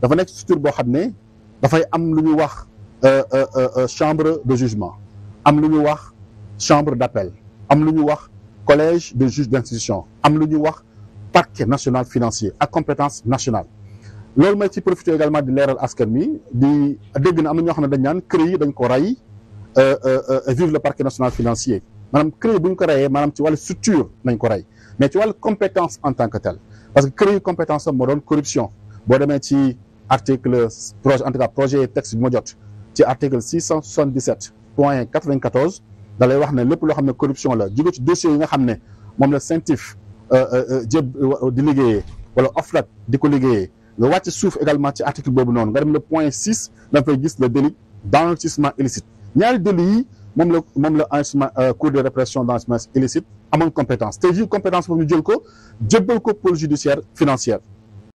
dafa nekk structure boo xam ne dafay am lu ñu wax euh, euh, euh, chambre de jugement am lu ñu wax chambre d'appel am lu ñu wax collège de juges d'instruction am lu ñu wax parquet national financier ak compétence nationale loolu may ci profiter également di leeral askan mi di dégg na am na ñoo xam ne dañ naan CREI dañ ko rey vive le parquet national financier maanaam CREI bu ñu ko reyee maanaam ci wàllu structure nañ ko ray mais ci wàllu compétence en tant que tel parce que CREI compétence am moo doon corruption boo demee ci article projet en tout projet texte ma jot ci article six cent soixante dix sept point quatre vingt lay wax ne lépp loo xam ne corruption la jóge ci dossiers yi nga xam ne moom la CENTIF euh, euh, euh, di liggéeyee wala OFNAC di ko liggéeyee nga wàcc suuf également ci article boobu noonu nga dem le point six da nga fay gis le délit d'enrichissement illicite ñaari délit yi moom la moom la enrichissement cour de répression d'enrichissement illicite amoon compétence tey jii compétence boobu ñu jël ko jébbal ko pôle judiciaire financière